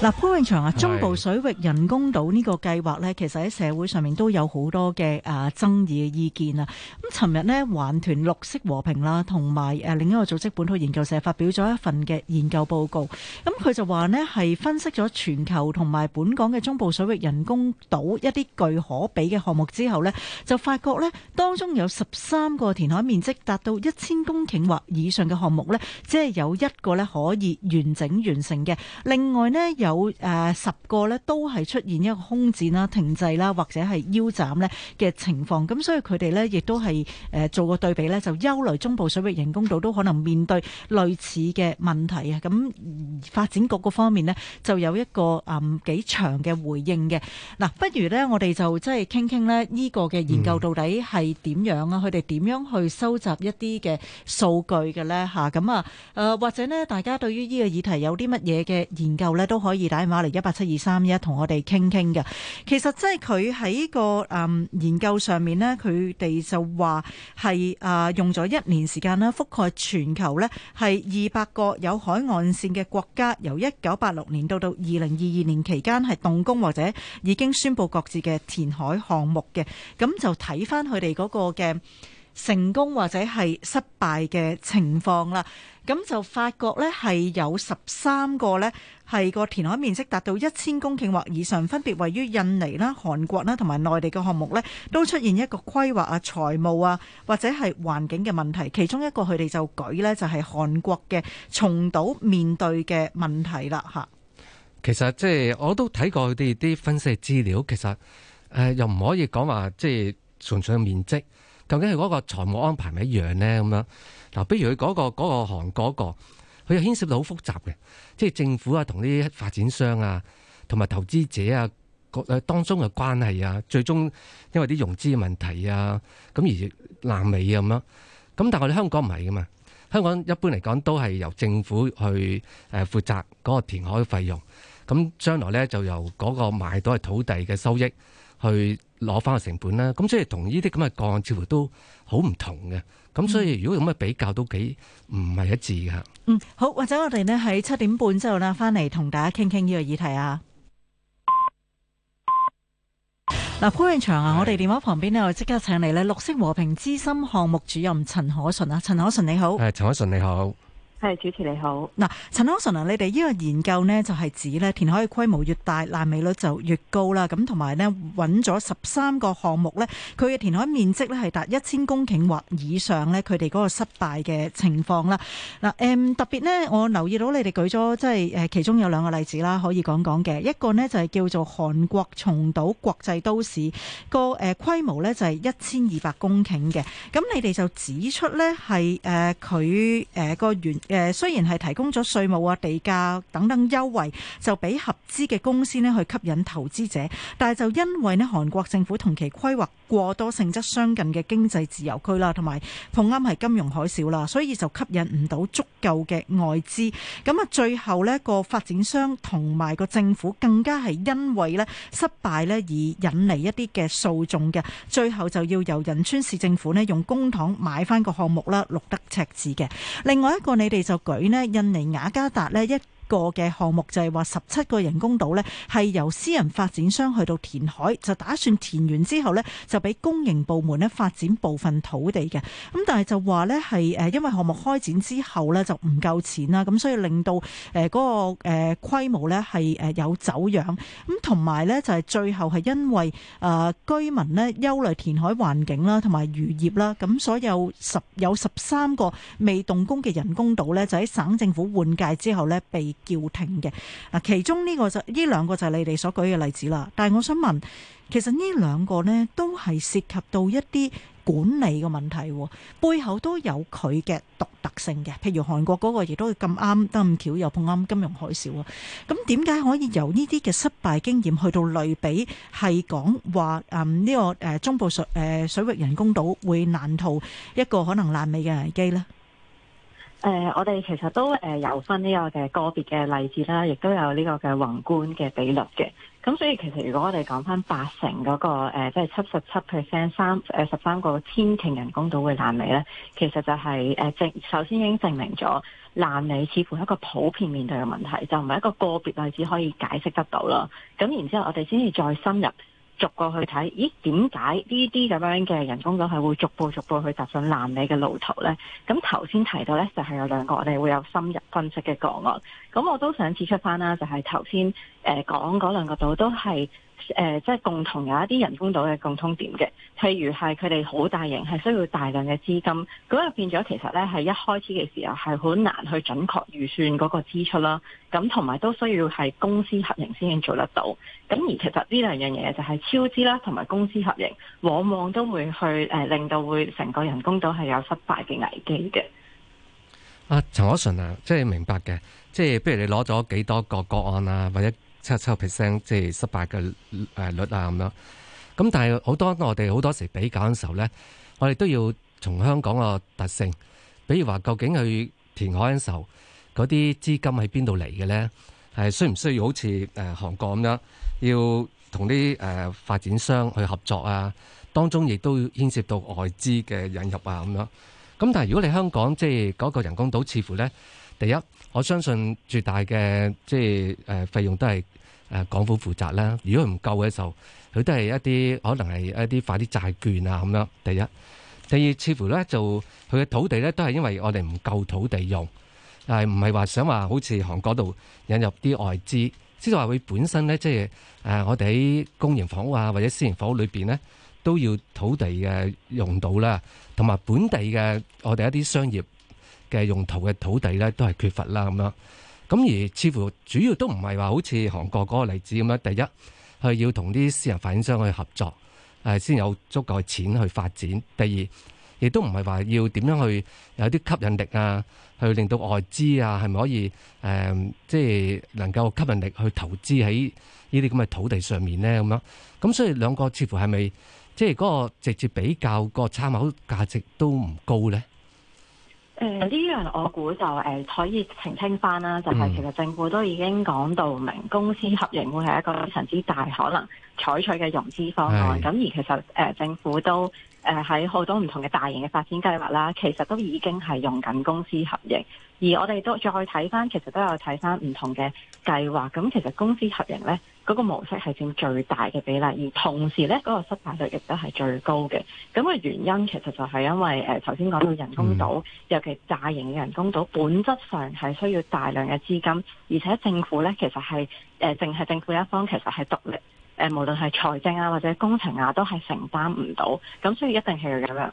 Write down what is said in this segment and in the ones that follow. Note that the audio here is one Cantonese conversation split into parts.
嗱，潘永祥啊，中部水域人工島呢個計劃呢，其實喺社會上面都有好多嘅誒、啊、爭議嘅意見啊。咁尋日呢，環團綠色和平啦，同埋誒另一個組織本土研究社發表咗一份嘅研究報告。咁佢就話呢，係分析咗全球同埋本港嘅中部水域人工島一啲具可比嘅項目之後呢，就發覺呢，當中有十三個填海面積達到一千公頃或以上嘅項目呢，只係有一個呢可以完整完成嘅。另外呢。有誒、呃、十個咧，都係出現一個空戰啦、停滯啦，或者係腰斬咧嘅情況。咁所以佢哋咧，亦都係誒、呃、做個對比咧，就憂慮中部水域人工島都可能面對類似嘅問題啊。咁發展局嗰方面咧，就有一個啊、嗯、幾長嘅回應嘅。嗱，不如咧，我哋就即係傾傾咧呢個嘅研究到底係點樣啊？佢哋點樣去收集一啲嘅數據嘅咧？吓咁啊誒、呃，或者咧，大家對於呢個議題有啲乜嘢嘅研究咧，都可以。二打電話嚟一八七二三一同我哋傾傾嘅。其實即係佢喺個誒、嗯、研究上面呢，佢哋就話係誒用咗一年時間啦，覆蓋全球呢，係二百個有海岸線嘅國家，由一九八六年到到二零二二年期間係動工或者已經宣布各自嘅填海項目嘅，咁就睇翻佢哋嗰個嘅成功或者係失敗嘅情況啦，咁就發覺呢係有十三個呢係個填海面積達到一千公頃或以上，分別位於印尼啦、韓國啦同埋內地嘅項目呢，都出現一個規劃啊、財務啊或者係環境嘅問題。其中一個佢哋就舉呢就係、是、韓國嘅松島面對嘅問題啦，吓。其實即係我都睇過佢哋啲分析資料，其實誒、呃、又唔可以講話即係純粹面積。究竟係嗰個財務安排咪一樣咧？咁樣嗱，比如佢嗰個韓國嗰個，佢牽涉到好複雜嘅，即係政府啊，同啲發展商啊，同埋投資者啊，誒當中嘅關係啊，最終因為啲融資嘅問題啊，咁而爛尾啊咁樣。咁但係我哋香港唔係噶嘛，香港一般嚟講都係由政府去誒負責嗰個填海費用。咁將來咧就由嗰個賣到嘅土地嘅收益去，攞翻個成本啦，咁所以同呢啲咁嘅個案似乎都好唔同嘅，咁、嗯、所以如果咁嘅比較都幾唔係一致噶。嗯，好，或者我哋呢喺七點半之後咧翻嚟同大家傾傾呢個議題啊。嗱，潘永祥啊，我哋電話旁邊呢，我即刻請嚟呢綠色和平資深項目主任陳可淳啊，陳可淳你好。誒，陳可淳你好。係，主持你好。嗱，陳可淳啊，你哋呢個研究呢，就係、是、指咧填海嘅規模越大，爛尾率就越高啦。咁同埋呢，搵咗十三個項目呢，佢嘅填海面積咧係達一千公頃或以上呢，佢哋嗰個失敗嘅情況啦。嗱、嗯，誒特別呢，我留意到你哋舉咗即係誒，其中有兩個例子啦，可以講講嘅。一個呢，就係叫做韓國松島國際都市個誒規、呃、模呢就係一千二百公頃嘅。咁你哋就指出呢，係誒佢誒個原。誒雖然係提供咗稅務啊、地價等等優惠，就俾合資嘅公司咧去吸引投資者，但係就因為咧韓國政府同期規劃過多性質相近嘅經濟自由區啦，同埋碰啱係金融海嘯啦，所以就吸引唔到足夠嘅外資。咁啊，最後呢個發展商同埋個政府更加係因為咧失敗咧而引嚟一啲嘅訴訟嘅，最後就要由仁川市政府咧用公帑買返個項目啦，錄得赤字嘅。另外一個你哋。就舉咧，印尼雅加達咧一個嘅項目就係話十七個人工島呢係由私人發展商去到填海，就打算填完之後呢就俾公營部門咧發展部分土地嘅。咁但係就話呢係誒，因為項目開展之後呢就唔夠錢啦，咁所以令到誒嗰個誒規模呢係誒有走樣。咁同埋呢就係、是、最後係因為誒、呃、居民呢憂慮填海環境啦，同埋漁業啦，咁所以有十有十三個未動工嘅人工島呢就喺省政府換屆之後呢被。叫停嘅嗱，其中呢、這個就呢兩個就係你哋所舉嘅例子啦。但係我想問，其實呢兩個咧都係涉及到一啲管理嘅問題，背後都有佢嘅獨特性嘅。譬如韓國嗰個亦都咁啱得咁巧又碰啱金融海嘯，啊，咁點解可以由呢啲嘅失敗經驗去到類比，係講話誒呢個誒、呃、中部水誒水域人工島會難逃一個可能爛尾嘅危機咧？誒、呃，我哋其實都誒有、呃、分呢個嘅個別嘅例子啦，亦都有呢個嘅宏觀嘅比率嘅。咁所以其實如果我哋講翻八成嗰，那個誒，即係七十七 percent 三誒十三個千頃人工島嘅爛尾咧，其實就係誒證首先已經證明咗爛尾似乎係一個普遍面對嘅問題，就唔係一個個別例子可以解釋得到啦。咁然之後我哋先至再深入。逐個去睇，咦？點解呢啲咁樣嘅人工島係會逐步逐步去踏上爛尾嘅路途呢？咁頭先提到呢，就係、是、有兩個我哋會有深入分析嘅個案。咁我都想指出翻啦，就係頭先誒講嗰兩個島都係。誒、呃，即係共同有一啲人工島嘅共通點嘅，譬如係佢哋好大型，係需要大量嘅資金，咁又變咗其實咧係一開始嘅時候係好難去準確預算嗰個支出啦，咁同埋都需要係公私合營先至做得到，咁而其實呢兩樣嘢就係超支啦，同埋公私合營往往都會去誒、呃、令到會成個人工島係有失敗嘅危機嘅。阿陳、啊、可淳啊，即係明白嘅，即係不如你攞咗幾多個個案啊，或者？七七 percent 即係失敗嘅誒率啊咁樣。咁、嗯、但係好多我哋好多時比較嘅時候咧，我哋都要從香港個特性，比如話究竟佢填海嘅時候嗰啲資金喺邊度嚟嘅咧？係需唔需要好似誒韓國咁樣要同啲誒發展商去合作啊？當中亦都牽涉到外資嘅引入啊咁樣。咁、嗯、但係如果你香港即係嗰個人工島似乎咧，第一我相信最大嘅即係誒費用都係。誒，港府負責啦。如果唔夠嘅時候，佢都係一啲可能係一啲快啲債券啊咁樣。第一，第二，似乎咧就佢嘅土地咧都係因為我哋唔夠土地用，但係唔係話想話好似韓國度引入啲外資，即係話佢本身咧即係誒我哋喺公營房屋啊或者私營房屋裏邊咧都要土地嘅用到啦，同埋本地嘅我哋一啲商業嘅用途嘅土地咧都係缺乏啦咁樣。咁而似乎主要都唔係話好似韓國嗰個例子咁樣，第一係要同啲私人發展商去合作，誒、呃、先有足夠嘅錢去發展；第二亦都唔係話要點樣去有啲吸引力啊，去令到外資啊係咪可以誒、呃、即係能夠吸引力去投資喺呢啲咁嘅土地上面咧？咁樣，咁所以兩個似乎係咪即係嗰個直接比較個參考價值都唔高咧？誒，呢樣我估就誒可以澄清翻啦，就係、嗯、其實政府都已經講到明，公司合營會係一個非常之大可能採取嘅融資方案。咁是而其實誒、呃、政府都誒喺好多唔同嘅大型嘅發展計劃啦，其實都已經係用緊公司合營。而我哋都再睇翻，其實都有睇翻唔同嘅計劃。咁其實公司合營呢，嗰個模式係佔最大嘅比例，而同時呢，嗰個失敗率亦都係最高嘅。咁嘅原因其實就係因為誒，頭先講到人工島，尤其大型嘅人工島，本質上係需要大量嘅資金，而且政府呢，其實係誒，淨係政府一方，其實係獨立。誒無論係財政啊，或者工程啊，都係承擔唔到，咁所以一定係有誒外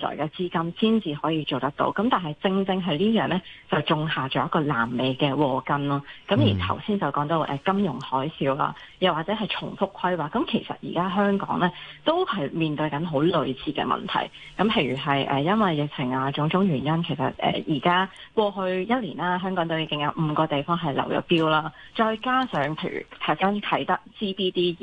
來嘅資金先至可以做得到。咁但係正正係呢樣呢，就種下咗一個爛尾嘅禍根咯、啊。咁而頭先就講到誒金融海嘯啦、啊，又或者係重複規劃。咁其實而家香港呢，都係面對緊好類似嘅問題。咁譬如係誒因為疫情啊種種原因，其實誒而家過去一年啦、啊，香港都已經有五個地方係流咗標啦。再加上譬如頭先啟德、CBD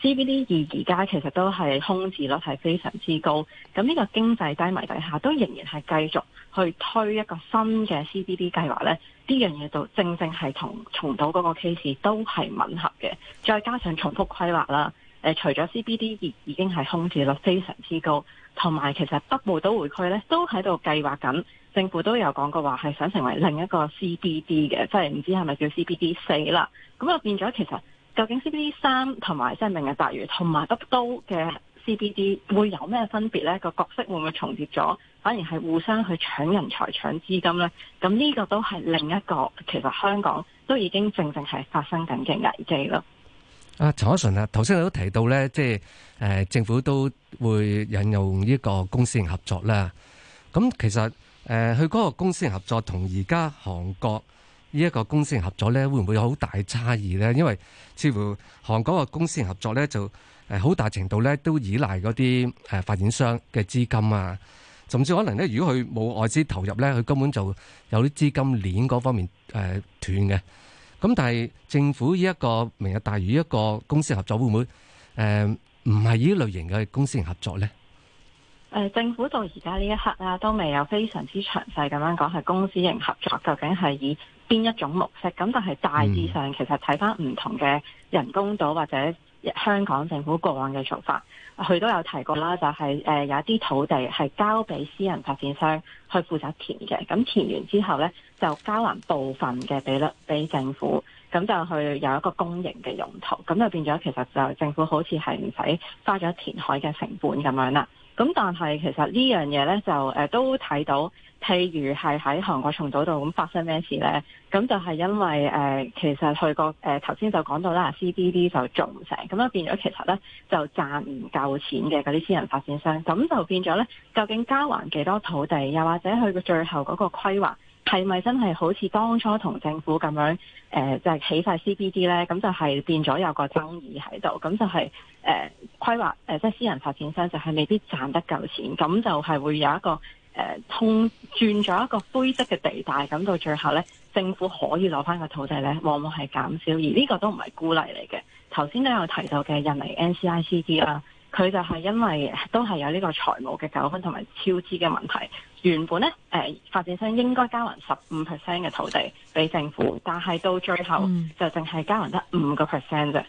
C B D 二而家其實都係空置率係非常之高，咁呢個經濟低迷底下都仍然係繼續去推一個新嘅 C B D 計劃咧，呢樣嘢就正正係同松島嗰個 case 都係吻合嘅，再加上重複規劃啦，誒、呃、除咗 C B D 二已經係空置率非常之高，同埋其實北部都會區呢都喺度計劃緊，政府都有講過話係想成為另一個 C B D 嘅，即係唔知係咪叫 C B D 四啦，咁啊變咗其實。究竟 CBD 三同埋即係明日大嶼同埋北都嘅 CBD 會有咩分別呢？個角色會唔會重疊咗？反而係互相去搶人才、搶資金呢？咁呢個都係另一個其實香港都已經正正係發生緊嘅危機咯。啊陳可淳啊，頭先你都提到呢，即係誒、呃、政府都會引用呢個公私營合作啦。咁其實誒佢嗰個公私營合作同而家韓國。呢一個公私營合作咧，會唔會有好大差異咧？因為似乎韓國個公私營合作咧，就誒好大程度咧都依賴嗰啲誒發展商嘅資金啊，甚至可能咧，如果佢冇外資投入咧，佢根本就有啲資金鏈嗰方面誒斷嘅。咁但係政府依、這、一個明日大嶼一個公司合作會唔會誒唔係呢類型嘅公私營合作咧？誒、呃，政府到而家呢一刻啦，都未有非常之詳細咁樣講係公私營合作，究竟係以邊一種模式？咁但係大致上，其實睇返唔同嘅人工島或者香港政府過往嘅做法，佢都有提過啦，就係、是、誒、呃、有一啲土地係交俾私人發展商去負責填嘅，咁填完之後呢，就交還部分嘅比率俾政府，咁就去有一個公營嘅用途，咁就變咗其實就政府好似係唔使花咗填海嘅成本咁樣啦。咁、嗯、但係其實呢樣嘢呢，就誒、呃、都睇到，譬如係喺韓國松島度咁發生咩事呢？咁就係因為誒、呃，其實去個誒頭先就講到啦，CBD 就做唔成，咁樣變咗其實呢就賺唔夠錢嘅嗰啲私人發展商，咁就變咗呢，究竟交還幾多土地，又或者佢嘅最後嗰個規劃？係咪真係好似當初同政府咁樣誒、呃，就係、是、起發 CBD 呢？咁就係變咗有個爭議喺度。咁就係誒規劃誒，即、呃、係、呃就是、私人發展商就係未必賺得夠錢。咁就係會有一個誒通轉咗一個灰色嘅地帶。咁到最後呢，政府可以攞返個土地呢，往往係減少。而呢個都唔係孤例嚟嘅。頭先都有提到嘅印尼 NCICD 啦。佢就係因為都係有呢個財務嘅糾紛同埋超支嘅問題，原本咧誒、呃、發展商應該交還十五 percent 嘅土地俾政府，但係到最後、嗯、就淨係交還得五個 percent 啫。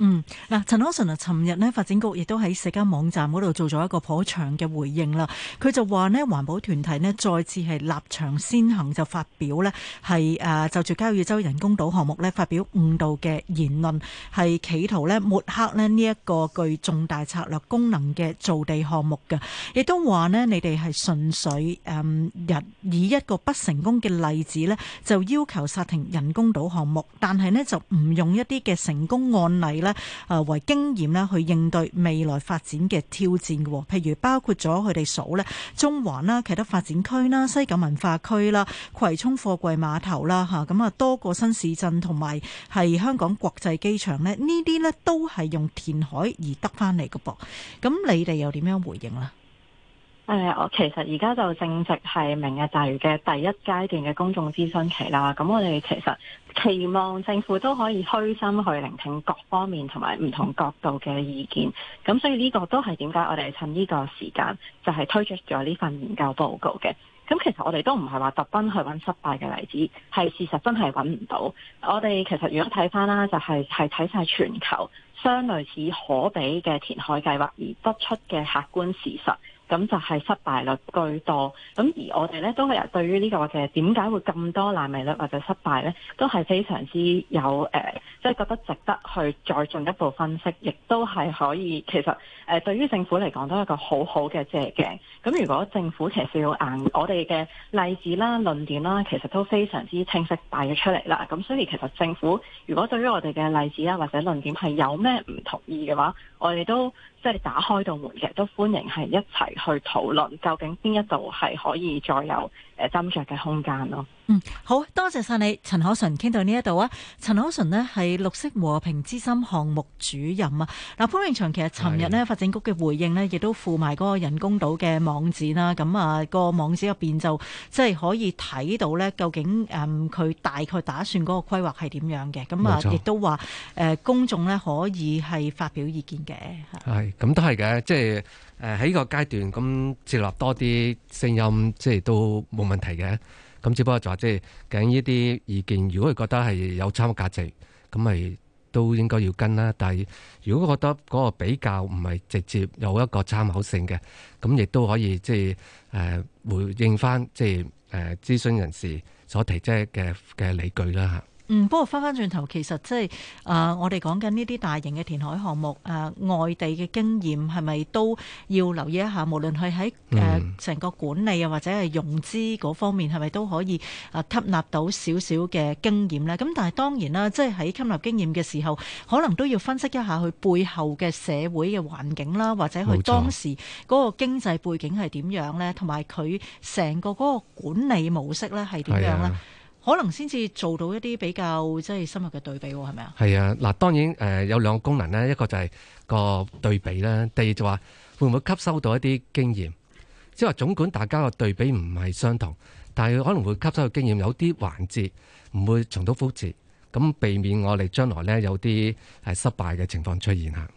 嗯，嗱，陳可淳啊，尋日咧發展局亦都喺社交網站嗰度做咗一個頗長嘅回應啦。佢就話咧環保團體咧再次係立場先行就發表咧係誒就住交椅洲人工島項目咧發表誤導嘅言論，係企圖咧抹黑咧呢一個具重大策略功能嘅造地項目嘅。亦都話咧你哋係純粹誒入以一個不成功嘅例子咧就要求煞停人工島項目，但係咧就唔用一啲嘅成功案例啦。咧，誒，為經驗咧去應對未來發展嘅挑戰嘅，譬如包括咗佢哋數咧，中環啦、其他發展區啦、西九文化區啦、葵涌貨櫃碼頭啦，吓咁啊，多個新市鎮同埋係香港國際機場咧，呢啲咧都係用填海而得翻嚟嘅噃。咁你哋又點樣回應啦？誒，我其實而家就正值係明日大嶼嘅第一階段嘅公眾諮詢期啦。咁我哋其實期望政府都可以虛心去聆聽各方面同埋唔同角度嘅意見。咁所以呢個都係點解我哋趁呢個時間就係推出咗呢份研究報告嘅。咁其實我哋都唔係話特登去揾失敗嘅例子，係事實真係揾唔到。我哋其實如果睇返啦，就係係睇晒全球相類似可比嘅填海計劃而得出嘅客觀事實。咁就係失敗率居多，咁而我哋咧都係對於呢、這個嘅點解會咁多爛尾率或者失敗咧，都係非常之有誒，即、呃、係、就是、覺得值得去再進一步分析，亦都係可以其實誒、呃、對於政府嚟講都係一個好好嘅借鏡。咁如果政府其實要硬，我哋嘅例子啦、論點啦，其實都非常之清晰擺咗出嚟啦。咁所以其實政府如果對於我哋嘅例子啦或者論點係有咩唔同意嘅話，我哋都即係、就是、打開道門嘅，都歡迎係一齊。去討論究竟邊一度係可以再有。誒，斟酌嘅空間咯。嗯，好多謝晒你，陳可淳傾到呢一度啊。陳可淳呢，係綠色和平資深項目主任啊。嗱，潘永祥其實尋日呢是發展局嘅回應呢，亦都附埋嗰個人工島嘅網址啦。咁啊，個網址入邊就即係可以睇到咧，究竟誒佢，嗯、大概打算嗰個規劃係點樣嘅。咁啊，錯亦都話誒，呃、公眾咧可以係發表意見嘅。係咁都係嘅。即係誒喺呢個階段，咁接納多啲聲音，即係都。冇。問題嘅，咁只不過就話即係究竟呢啲意見，如果佢覺得係有參考價值，咁咪都應該要跟啦。但係如果覺得嗰個比較唔係直接有一個參考性嘅，咁亦都可以即係誒、呃、回應翻即係誒諮詢人士所提即係嘅嘅理據啦吓。嗯，不過返返轉頭，其實即係誒，我哋講緊呢啲大型嘅填海項目，誒、呃、外地嘅經驗係咪都要留意一下？無論係喺誒成個管理啊，或者係融資嗰方面，係咪、嗯、都可以誒吸納到少少嘅經驗咧？咁但係當然啦，即係喺吸納經驗嘅時候，可能都要分析一下佢背後嘅社會嘅環境啦，或者佢當時嗰個經濟背景係點樣咧？同埋佢成個嗰個管理模式咧係點樣咧？沒錯可能先至做到一啲比較即係深入嘅對比喎，係咪啊？係啊，嗱，當然誒有兩個功能咧，一個就係個對比啦，第二就話會唔會吸收到一啲經驗，即係話總管大家個對比唔係相同，但係可能會吸收嘅經驗有啲環節唔會重蹈覆轍，咁避免我哋將來咧有啲係失敗嘅情況出現啊。